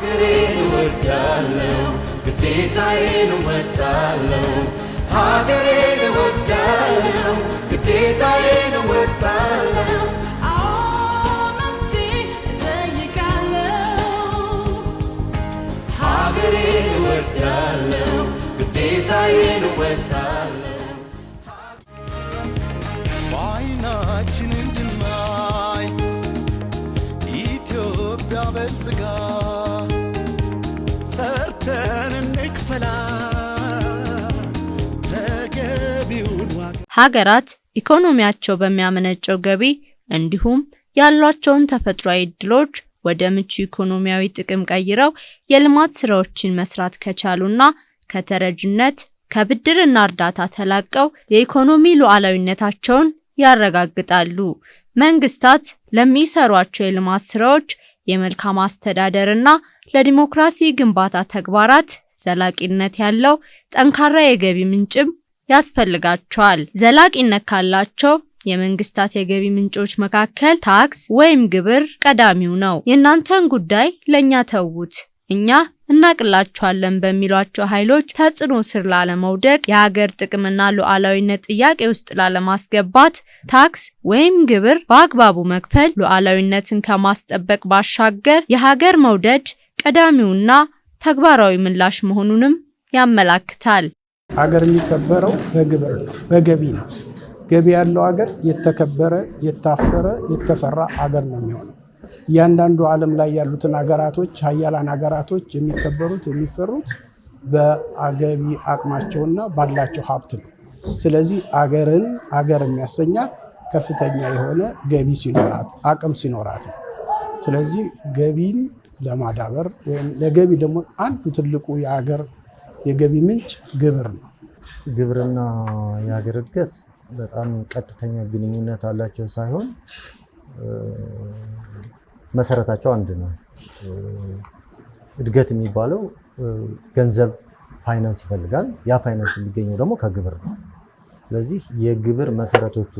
ሀገሬን እወዳለሁ ግዴታዬን እወጣለሁ ሀገሬን እወዳለሁ ግዴታዬን እወጣለሁ ሀገሬን እወዳለሁ ግዴታዬን እወጣለሁ በዓይናችን እንድናይ ኢትዮጵያ በልጽጋ ሀገራት ኢኮኖሚያቸው በሚያመነጨው ገቢ እንዲሁም ያሏቸውን ተፈጥሯዊ እድሎች ወደ ምቹ ኢኮኖሚያዊ ጥቅም ቀይረው የልማት ስራዎችን መስራት ከቻሉና ከተረጅነት ከብድርና እርዳታ ተላቀው የኢኮኖሚ ሉዓላዊነታቸውን ያረጋግጣሉ። መንግስታት ለሚሰሯቸው የልማት ስራዎች፣ የመልካም አስተዳደርና ለዲሞክራሲ ግንባታ ተግባራት ዘላቂነት ያለው ጠንካራ የገቢ ምንጭም ያስፈልጋቸዋል። ዘላቂነት ካላቸው የመንግስታት የገቢ ምንጮች መካከል ታክስ ወይም ግብር ቀዳሚው ነው። የእናንተን ጉዳይ ለእኛ ተዉት፣ እኛ እናቅላቸኋለን በሚሏቸው ኃይሎች ተጽዕኖ ስር ላለመውደቅ የሀገር ጥቅምና ሉዓላዊነት ጥያቄ ውስጥ ላለማስገባት ታክስ ወይም ግብር በአግባቡ መክፈል ሉዓላዊነትን ከማስጠበቅ ባሻገር የሀገር መውደድ ቀዳሚውና ተግባራዊ ምላሽ መሆኑንም ያመላክታል። ሀገር የሚከበረው በግብር ነው፣ በገቢ ነው። ገቢ ያለው ሀገር የተከበረ፣ የታፈረ፣ የተፈራ ሀገር ነው የሚሆነው። እያንዳንዱ ዓለም ላይ ያሉትን ሀገራቶች ሀያላን ሀገራቶች የሚከበሩት የሚፈሩት በአገቢ አቅማቸውና ባላቸው ሀብት ነው። ስለዚህ አገርን አገር የሚያሰኛት ከፍተኛ የሆነ ገቢ ሲኖራት አቅም ሲኖራት ነው። ስለዚህ ገቢን ለማዳበር ወይም ለገቢ ደግሞ አንዱ ትልቁ የሀገር የገቢ ምንጭ ግብር ነው። ግብርና የሀገር እድገት በጣም ቀጥተኛ ግንኙነት አላቸው ሳይሆን መሰረታቸው አንድ ነው። እድገት የሚባለው ገንዘብ ፋይናንስ ይፈልጋል። ያ ፋይናንስ የሚገኘው ደግሞ ከግብር ነው። ስለዚህ የግብር መሰረቶቹ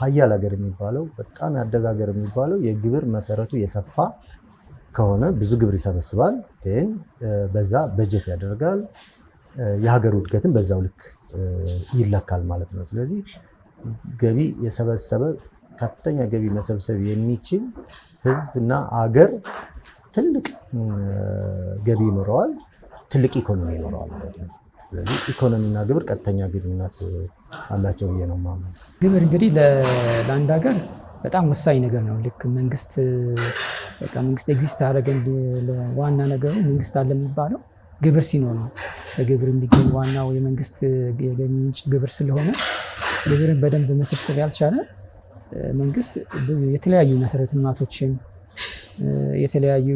ሀያል ሀገር የሚባለው በጣም ያደጋገር የሚባለው የግብር መሰረቱ የሰፋ ከሆነ ብዙ ግብር ይሰበስባል፣ ግን በዛ በጀት ያደርጋል። የሀገር ውድገትን በዛው ልክ ይለካል ማለት ነው። ስለዚህ ገቢ የሰበሰበ ከፍተኛ ገቢ መሰብሰብ የሚችል እና አገር ትልቅ ገቢ ይኖረዋል፣ ትልቅ ኢኮኖሚ ይኖረዋል ማለት ነው። ስለዚህ ኢኮኖሚና ግብር ቀጥተኛ ግንኙነት አላቸው ብዬ ነው ማምነው። ግብር እንግዲህ ለአንድ ሀገር በጣም ወሳኝ ነገር ነው። ልክ መንግስት በቃ መንግስት ኤግዚስት አደረገ ዋና ነገሩ መንግስት አለ የሚባለው ግብር ሲኖር ነው። በግብር የሚገኝ ዋናው የመንግስት የገቢ ምንጭ ግብር ስለሆነ ግብርን በደንብ መሰብሰብ ያልቻለ መንግስት የተለያዩ መሰረተ ልማቶችን የተለያዩ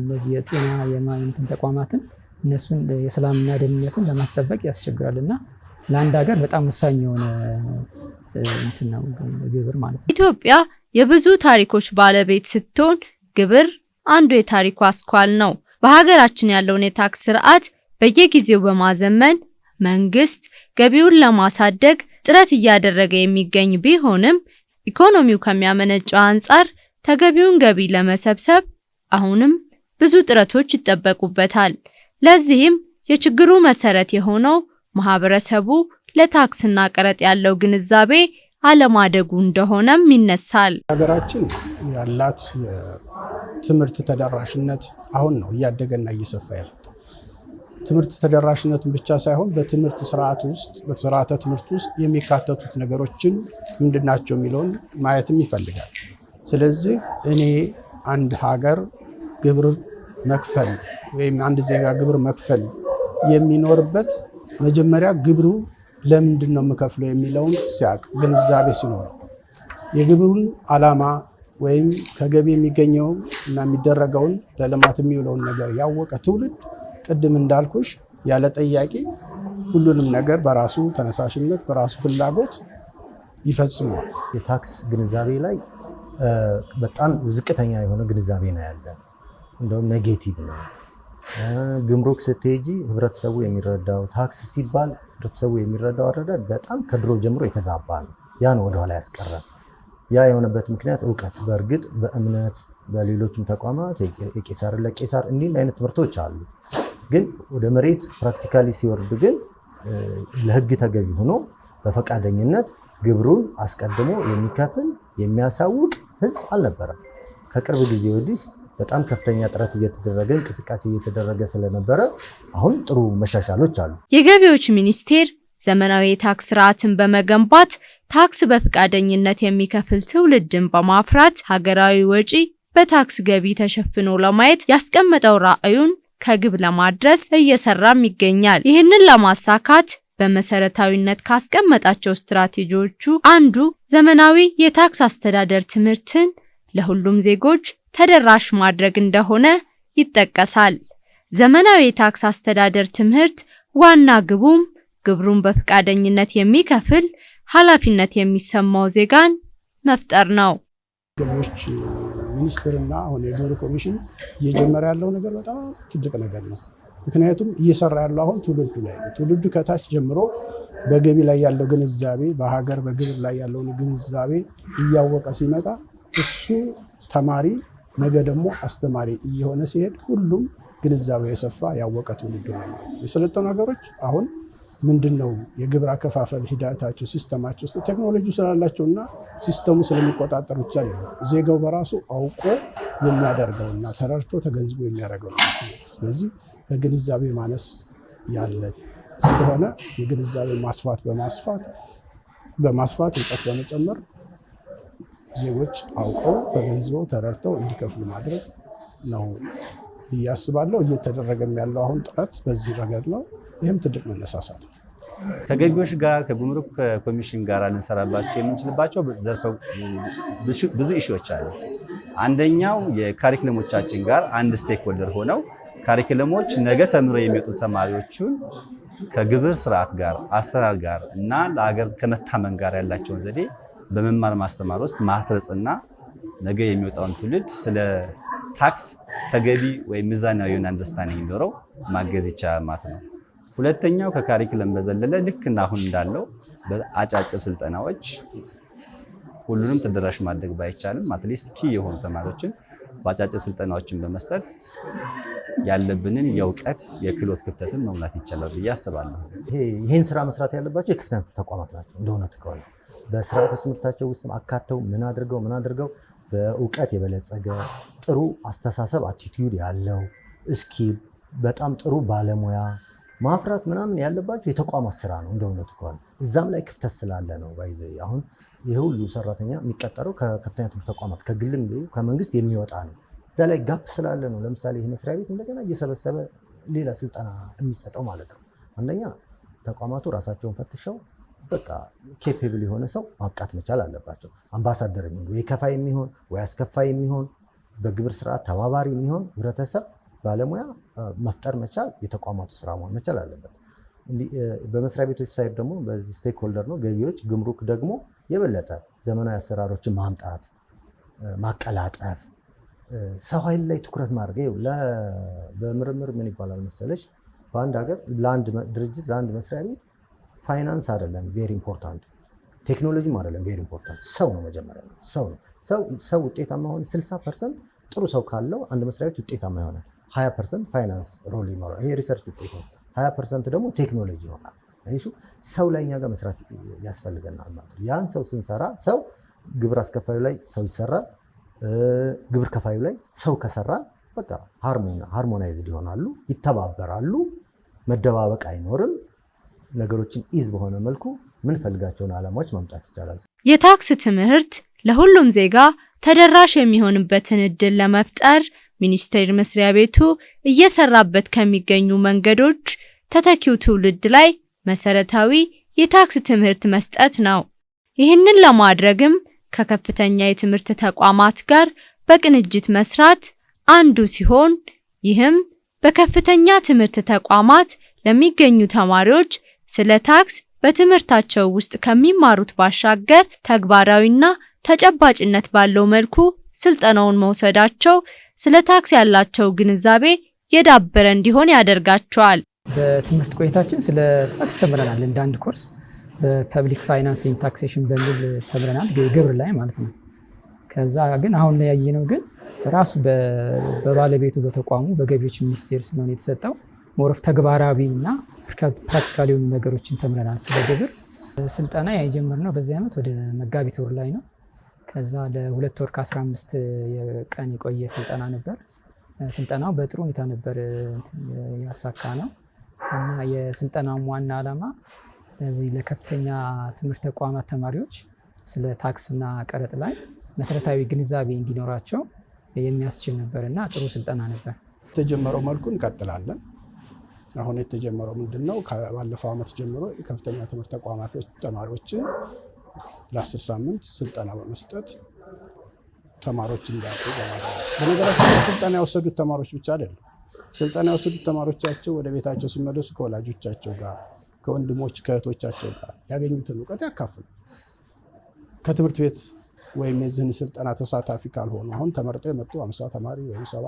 እነዚህ የጤና የማንትን ተቋማትን እነሱን የሰላምና ደህንነትን ለማስጠበቅ ያስቸግራል እና ለአንድ ሀገር በጣም ወሳኝ የሆነ እንትን ነው ግብር ማለት ነው። ኢትዮጵያ የብዙ ታሪኮች ባለቤት ስትሆን ግብር አንዱ የታሪኩ አስኳል ነው። በሀገራችን ያለውን የታክስ ስርዓት በየጊዜው በማዘመን መንግስት ገቢውን ለማሳደግ ጥረት እያደረገ የሚገኝ ቢሆንም ኢኮኖሚው ከሚያመነጨው አንጻር ተገቢውን ገቢ ለመሰብሰብ አሁንም ብዙ ጥረቶች ይጠበቁበታል። ለዚህም የችግሩ መሰረት የሆነው ማህበረሰቡ ለታክስና ቀረጥ ያለው ግንዛቤ አለማደጉ እንደሆነም ይነሳል። ሀገራችን ያላት ትምህርት ተደራሽነት አሁን ነው እያደገና እየሰፋ ያለ ትምህርት ተደራሽነቱን ብቻ ሳይሆን በትምህርት ስርዓት ውስጥ በስርዓተ ትምህርት ውስጥ የሚካተቱት ነገሮችን ምንድናቸው የሚለውን ማየትም ይፈልጋል። ስለዚህ እኔ አንድ ሀገር ግብር መክፈል ወይም አንድ ዜጋ ግብር መክፈል የሚኖርበት መጀመሪያ ግብሩ ለምንድን ነው የምከፍለው የሚለውን ሲያቅ ግንዛቤ ሲኖር የግብሩን ዓላማ ወይም ከገቢ የሚገኘው እና የሚደረገውን ለልማት የሚውለውን ነገር ያወቀ ትውልድ ቅድም እንዳልኩሽ ያለ ጠያቂ ሁሉንም ነገር በራሱ ተነሳሽነት በራሱ ፍላጎት ይፈጽመዋል። የታክስ ግንዛቤ ላይ በጣም ዝቅተኛ የሆነ ግንዛቤ ነው ያለ። እንደውም ኔጌቲቭ ነው። ግምሩክ ስትሄጂ ህብረተሰቡ የሚረዳው ታክስ ሲባል ህብረተሰቡ የሚረዳው አረዳድ በጣም ከድሮ ጀምሮ የተዛባ ነው። ነው ወደኋላ ያስቀረም ያ የሆነበት ምክንያት እውቀት፣ በእርግጥ በእምነት በሌሎችም ተቋማት የቄሳር ለቄሳር እንዲህ አይነት ትምህርቶች አሉ። ግን ወደ መሬት ፕራክቲካሊ ሲወርድ ግን ለህግ ተገዥ ሆኖ በፈቃደኝነት ግብሩን አስቀድሞ የሚከፍል የሚያሳውቅ ህዝብ አልነበረም። ከቅርብ ጊዜ ወዲህ በጣም ከፍተኛ ጥረት እየተደረገ እንቅስቃሴ እየተደረገ ስለነበረ አሁን ጥሩ መሻሻሎች አሉ። የገቢዎች ሚኒስቴር ዘመናዊ የታክስ ስርዓትን በመገንባት ታክስ በፍቃደኝነት የሚከፍል ትውልድን በማፍራት ሀገራዊ ወጪ በታክስ ገቢ ተሸፍኖ ለማየት ያስቀመጠው ራዕዩን ከግብ ለማድረስ እየሰራም ይገኛል። ይህንን ለማሳካት በመሰረታዊነት ካስቀመጣቸው ስትራቴጂዎቹ አንዱ ዘመናዊ የታክስ አስተዳደር ትምህርትን ለሁሉም ዜጎች ተደራሽ ማድረግ እንደሆነ ይጠቀሳል። ዘመናዊ የታክስ አስተዳደር ትምህርት ዋና ግቡም ግብሩን በፈቃደኝነት የሚከፍል ኃላፊነት የሚሰማው ዜጋን መፍጠር ነው። ገቢዎች ሚኒስትርና አሁን የግብር ኮሚሽን እየጀመረ ያለው ነገር በጣም ትልቅ ነገር ነው። ምክንያቱም እየሰራ ያለው አሁን ትውልዱ ላይ ነው። ትውልዱ ከታች ጀምሮ በገቢ ላይ ያለው ግንዛቤ፣ በሀገር በግብር ላይ ያለውን ግንዛቤ እያወቀ ሲመጣ እሱ ተማሪ ነገ ደግሞ አስተማሪ እየሆነ ሲሄድ ሁሉም ግንዛቤ የሰፋ ያወቀ ትውልድ ሆነ። የሰለጠኑ ሀገሮች አሁን ምንድን ነው የግብር አከፋፈል ሂደታቸው ሲስተማቸው ቴክኖሎጂ ስላላቸውና ሲስተሙ ስለሚቆጣጠር ብቻ ዜጋው በራሱ አውቆ የሚያደርገው እና ተረድቶ ተገንዝቦ የሚያደርገው ነው። ስለዚህ በግንዛቤ ማነስ ያለ ስለሆነ የግንዛቤ ማስፋት በማስፋት በማስፋት እውቀት በመጨመር ዜጎች አውቀው ተገንዝበው ተረድተው እንዲከፍሉ ማድረግ ነው ብዬ አስባለሁ። እየተደረገም ያለው አሁን ጥረት በዚህ ረገድ ነው። ይህም ትልቅ መነሳሳት ነው። ከገቢዎች ጋር ከጉምሩክ ኮሚሽን ጋር ልንሰራባቸው የምንችልባቸው ዘርፈ ብዙ እሺዎች አሉ። አንደኛው የካሪክለሞቻችን ጋር አንድ ስቴክ ሆነው ካሪክለሞች ነገ ተምረው የሚወጡ ተማሪዎቹን ከግብር ስርዓት ጋር አሰራር ጋር እና ለሀገር ከመታመን ጋር ያላቸውን ዘዴ በመማር ማስተማር ውስጥ ማስረጽና ነገ የሚወጣውን ትውልድ ስለ ታክስ ተገቢ ወይም ሚዛናዊ የሆነ አንደርስታንዲንግ እንዲኖረው ማገዝ ይቻላል ማለት ነው። ሁለተኛው ከካሪክለም በዘለለ ልክ እና አሁን እንዳለው አጫጭር ስልጠናዎች ሁሉንም ተደራሽ ማድረግ ባይቻልም አትሊስት ኪ የሆኑ ተማሪዎችን በአጫጭር ስልጠናዎችን በመስጠት ያለብንን የእውቀት የክህሎት ክፍተትን መሙላት ይቻላል ብዬ አስባለሁ። ይህን ስራ መስራት ያለባቸው የከፍተኛ ተቋማት ናቸው። እንደሆነ ከሆነ በስርዓተ ትምህርታቸው ውስጥ አካተው ምን አድርገው ምን አድርገው በእውቀት የበለጸገ ጥሩ አስተሳሰብ አቲቲዩድ ያለው እስኪ በጣም ጥሩ ባለሙያ ማፍራት ምናምን ያለባቸው የተቋማት ስራ ነው። እንደእውነቱ ከሆነ እዛም ላይ ክፍተት ስላለ ነው ባይዘ አሁን ይህ ሁሉ ሰራተኛ የሚቀጠረው ከከፍተኛ ትምህርት ተቋማት ከግልም ከመንግስት የሚወጣ ነው። እዛ ላይ ጋፕ ስላለ ነው። ለምሳሌ ይህ መስሪያ ቤት እንደገና እየሰበሰበ ሌላ ስልጠና የሚሰጠው ማለት ነው። አንደኛ ተቋማቱ ራሳቸውን ፈትሸው በቃ ኬፔብል የሆነ ሰው ማብቃት መቻል አለባቸው። አምባሳደር የሚሆን ወይ ከፋይ የሚሆን ወይ አስከፋይ የሚሆን በግብር ስርዓት ተባባሪ የሚሆን ህብረተሰብ ባለሙያ መፍጠር መቻል የተቋማቱ ስራ መሆን መቻል አለበት። በመስሪያ ቤቶች ሳይድ ደግሞ በዚህ ስቴክሆልደር ነው ገቢዎች፣ ግምሩክ ደግሞ የበለጠ ዘመናዊ አሰራሮችን ማምጣት፣ ማቀላጠፍ፣ ሰው ኃይል ላይ ትኩረት ማድረግ። በምርምር ምን ይባላል መሰለች፣ በአንድ ሀገር ለአንድ ድርጅት ለአንድ መስሪያ ቤት ፋይናንስ አይደለም ቬሪ ኢምፖርታንት፣ ቴክኖሎጂም አይደለም ቬሪ ኢምፖርታንት፣ ሰው ነው መጀመሪያ ነው። ሰው ነው ሰው ውጤታማ ሆነ 60 ፐርሰንት ጥሩ ሰው ካለው አንድ መስሪያ ቤት ውጤታማ ይሆናል። 20 ፐርሰንት ፋይናንስ ሮል ይኖራል። ይሄ ሪሰርች ውጤት ነው። 20 ፐርሰንት ደግሞ ቴክኖሎጂ ይሆናል። ሰው ላይ እኛ ጋር መስራት ያስፈልገናል ማለት ነው። ያን ሰው ስንሰራ ሰው ግብር አስከፋዩ ላይ ሰው ይሰራል፣ ግብር ከፋዩ ላይ ሰው ከሰራ በቃ ሃርሞናይዝድ ይሆናሉ፣ ይተባበራሉ፣ መደባበቅ አይኖርም። ነገሮችን ኢዝ በሆነ መልኩ ምንፈልጋቸውን ዓላማዎች ማምጣት ይቻላል። የታክስ ትምህርት ለሁሉም ዜጋ ተደራሽ የሚሆንበትን እድል ለመፍጠር ሚኒስቴር መስሪያ ቤቱ እየሰራበት ከሚገኙ መንገዶች ተተኪው ትውልድ ላይ መሰረታዊ የታክስ ትምህርት መስጠት ነው። ይህንን ለማድረግም ከከፍተኛ የትምህርት ተቋማት ጋር በቅንጅት መስራት አንዱ ሲሆን ይህም በከፍተኛ ትምህርት ተቋማት ለሚገኙ ተማሪዎች ስለ ታክስ በትምህርታቸው ውስጥ ከሚማሩት ባሻገር ተግባራዊና ተጨባጭነት ባለው መልኩ ስልጠናውን መውሰዳቸው ስለ ታክስ ያላቸው ግንዛቤ የዳበረ እንዲሆን ያደርጋቸዋል። በትምህርት ቆይታችን ስለ ታክስ ተምረናል። እንደ አንድ ኮርስ በፐብሊክ ፋይናንሲንግ ታክሴሽን በሚል ተምረናል፣ ግብር ላይ ማለት ነው። ከዛ ግን አሁን ላይ ያየነው ግን ራሱ በባለቤቱ በተቋሙ በገቢዎች ሚኒስቴር ስለሆነ የተሰጠው ሞረፍ ተግባራዊ እና ፕራክቲካል የሆኑ ነገሮችን ተምረናል። ስለ ግብር ስልጠና የጀመርነው በዚህ ዓመት ወደ መጋቢት ወር ላይ ነው። ከዛ ለሁለት ወር ከ15 ቀን የቆየ ስልጠና ነበር። ስልጠናው በጥሩ ሁኔታ ነበር ያሳካ ነው። እና የስልጠናውም ዋና ዓላማ ለከፍተኛ ትምህርት ተቋማት ተማሪዎች ስለ ታክስና ቀረጥ ላይ መሰረታዊ ግንዛቤ እንዲኖራቸው የሚያስችል ነበር እና ጥሩ ስልጠና ነበር። የተጀመረው መልኩ እንቀጥላለን። አሁን የተጀመረው ምንድን ነው? ባለፈው ዓመት ጀምሮ የከፍተኛ ትምህርት ተቋማቶች ተማሪዎችን ለአስር ሳምንት ስልጠና በመስጠት ተማሪዎች እንዳያውቁ በማድረግ በነገራችን ስልጠና የወሰዱት ተማሪዎች ብቻ አይደሉም ስልጠና የወሰዱት ተማሪዎቻቸው ወደ ቤታቸው ሲመለሱ ከወላጆቻቸው ጋር ከወንድሞች ከእህቶቻቸው ጋር ያገኙትን እውቀት ያካፍሉ። ከትምህርት ቤት ወይም የዚህን ስልጠና ተሳታፊ ካልሆኑ አሁን ተመርጦ የመጡ አምሳ ተማሪ ወይም ሰባ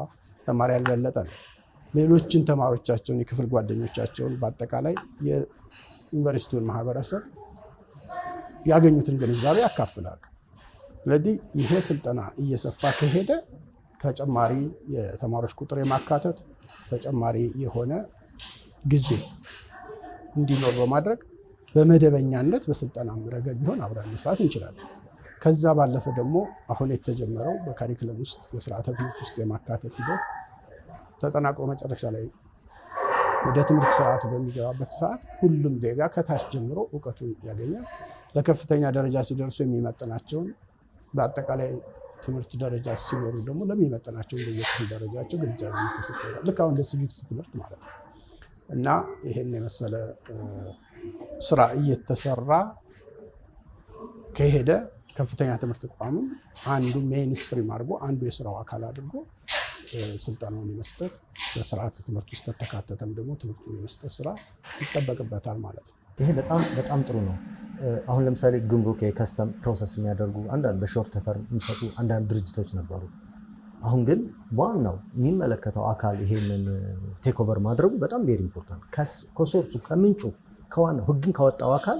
ተማሪ ያልበለጠ ነው። ሌሎችን ተማሪዎቻቸውን የክፍል ጓደኞቻቸውን በአጠቃላይ የዩኒቨርሲቲውን ማህበረሰብ ያገኙትን ግንዛቤ ያካፍላሉ። ስለዚህ ይሄ ስልጠና እየሰፋ ከሄደ ተጨማሪ የተማሪዎች ቁጥር የማካተት ተጨማሪ የሆነ ጊዜ እንዲኖር በማድረግ በመደበኛነት በስልጠና ረገድ ቢሆን አብረን መስራት እንችላለን። ከዛ ባለፈ ደግሞ አሁን የተጀመረው በካሪክለም ውስጥ በስርዓተ ትምህርት ውስጥ የማካተት ሂደት ተጠናቅሮ መጨረሻ ላይ ወደ ትምህርት ስርዓቱ በሚገባበት ሰዓት ሁሉም ዜጋ ከታች ጀምሮ እውቀቱን ያገኛል። ለከፍተኛ ደረጃ ሲደርሱ የሚመጥናቸውን በአጠቃላይ ትምህርት ደረጃ ሲኖሩ ደግሞ ለሚመጠናቸው እንደየክፍል ደረጃቸው ግንዛቤ ተሰጠ። ልክ አሁን እንደ ሲቪክስ ትምህርት ማለት ነው እና ይሄን የመሰለ ስራ እየተሰራ ከሄደ ከፍተኛ ትምህርት ተቋሙ አንዱ ሜይንስትሪም አድርጎ አንዱ የስራው አካል አድርጎ ስልጠናውን የመስጠት በስርዓተ ትምህርት ውስጥ ተካተተም ደግሞ ትምህርቱን የመስጠት ስራ ይጠበቅበታል ማለት ነው። ይሄ በጣም ጥሩ ነው። አሁን ለምሳሌ ግምሩክ የከስተም ፕሮሰስ የሚያደርጉ አንዳንድ በሾርት ተርም የሚሰጡ አንዳንድ ድርጅቶች ነበሩ። አሁን ግን ዋናው የሚመለከተው አካል ይሄንን ቴክኦቨር ማድረጉ በጣም ቬሪ ኢምፖርታንት፣ ከሶርሱ ከምንጩ ከዋናው ህግን ካወጣው አካል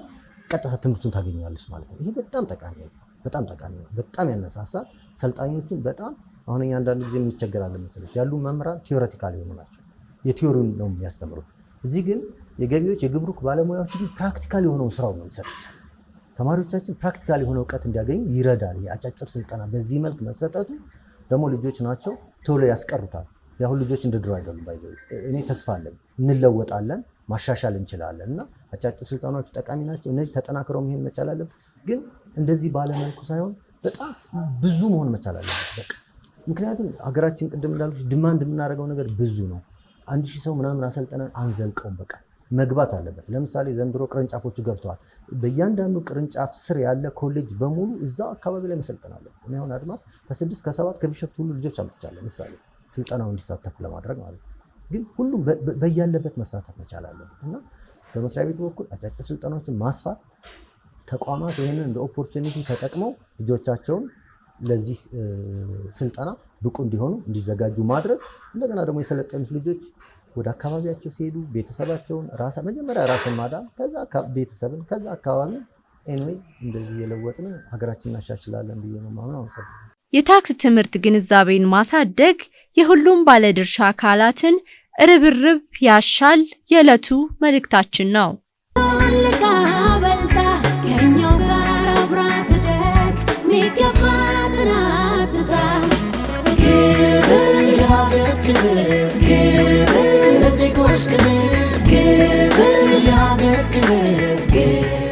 ቀጥታ ትምህርቱን ታገኘዋለች ማለት ነው። ይሄ በጣም ጠቃሚ ነው፣ በጣም ጠቃሚ ነው፣ በጣም ያነሳሳ ሰልጣኞቹን በጣም አሁን አንዳንድ ጊዜ የምንቸገራለን መሰለች ያሉ መምህራን ቲዎሬቲካል የሆኑ ናቸው፣ የቲዎሪውን ነው የሚያስተምሩት። እዚህ ግን የገቢዎች የግብሩክ ባለሙያዎች ግን ፕራክቲካል የሆነውን ስራው ነው የሚሰጡት። ተማሪዎቻችን ፕራክቲካል የሆነ እውቀት እንዲያገኙ ይረዳል። የአጫጭር ስልጠና በዚህ መልክ መሰጠቱ ደግሞ ልጆች ናቸው ቶሎ ያስቀሩታል። ያሁን ልጆች እንደ ድሮ አይደሉም። እኔ ተስፋ አለን፣ እንለወጣለን፣ ማሻሻል እንችላለን እና አጫጭር ስልጠናዎች ጠቃሚ ናቸው። እነዚህ ተጠናክረው መሄድ መቻል ግን እንደዚህ ባለመልኩ ሳይሆን በጣም ብዙ መሆን መቻል አለበት። በቃ ምክንያቱም ሀገራችን ቅድም እንዳልኩሽ ድማንድ የምናደርገው ነገር ብዙ ነው። አንድ ሺህ ሰው ምናምን አሰልጠነን አንዘልቀውም በቃ መግባት አለበት። ለምሳሌ ዘንድሮ ቅርንጫፎቹ ገብተዋል። በእያንዳንዱ ቅርንጫፍ ስር ያለ ኮሌጅ በሙሉ እዛው አካባቢ ላይ መሰልጠን አለበት። እኔ አሁን አድማስ ከስድስት ከሰባት ከቢሸፍቱ ሁሉ ልጆች አምጥቻለሁ። ምሳሌ ስልጠናው እንዲሳተፉ ለማድረግ ማለት ነው። ግን ሁሉም በያለበት መሳተፍ መቻል አለበት እና በመስሪያ ቤቱ በኩል አጫጭር ስልጠናዎችን ማስፋት ተቋማት ይህንን እንደ ኦፖርቹኒቲ ተጠቅመው ልጆቻቸውን ለዚህ ስልጠና ብቁ እንዲሆኑ እንዲዘጋጁ ማድረግ እንደገና ደግሞ የሰለጠኑት ልጆች ወደ አካባቢያቸው ሲሄዱ ቤተሰባቸውን ራሳ መጀመሪያ ራስን ማዳን ከዛ ቤተሰብን ከዛ አካባቢ ኤንዌይ እንደዚህ የለወጥን ሀገራችን እናሻሽላለን ብዬ ነው ማምነው። የታክስ ትምህርት ግንዛቤን ማሳደግ የሁሉም ባለድርሻ አካላትን ርብርብ ያሻል የዕለቱ መልእክታችን ነው። kuş gibi Gül gül yağmur gibi Gül